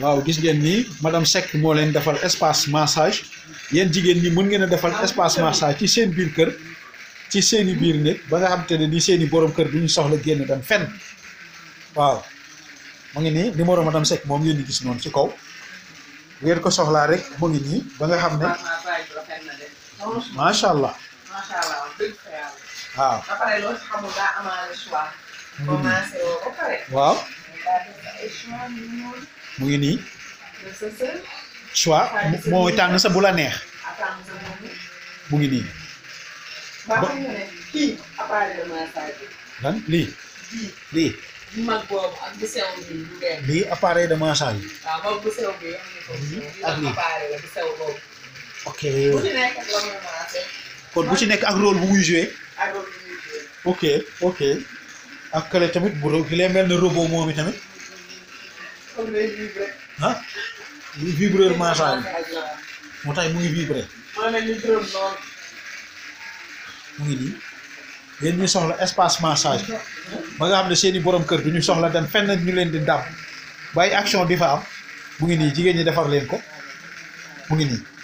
waaw gis ngeen ni madame sek moo leen defal espace massage yéen jigéen ñi mën ngeen a defal espace massage ci seen biir kër ci seen i biir néeg ba nga xam te ne ni seen borom kër duñu soxla génn dem fenn waaw mu ngi ni numéro madame sek moom ngeen di gis noonu ci kaw ngeen ko soxlaa rek mu ngi nii ba nga xam ne macha allah waaw mm-hmm. waaw mu ngi nii soit mooy tànn sa bu la neex mu ngi ya? nii lan lii lii lii appareil de massage ak lii ok kon bu ci nekk ak rôle bu muy joué ok ok ak kële tamit bu ki lee mel ne robot moom tamit ah li vibreur massage moo tax mu ngi vibré mu ngi nii yéen ñu soxla espace massage ba nga xam ne seeni borom kër du ñu soxla dem fenn ñu leen di dàmp bàyyi action di fa am mu ngi nii jigéen ñi defar leen ko mu ngi nii.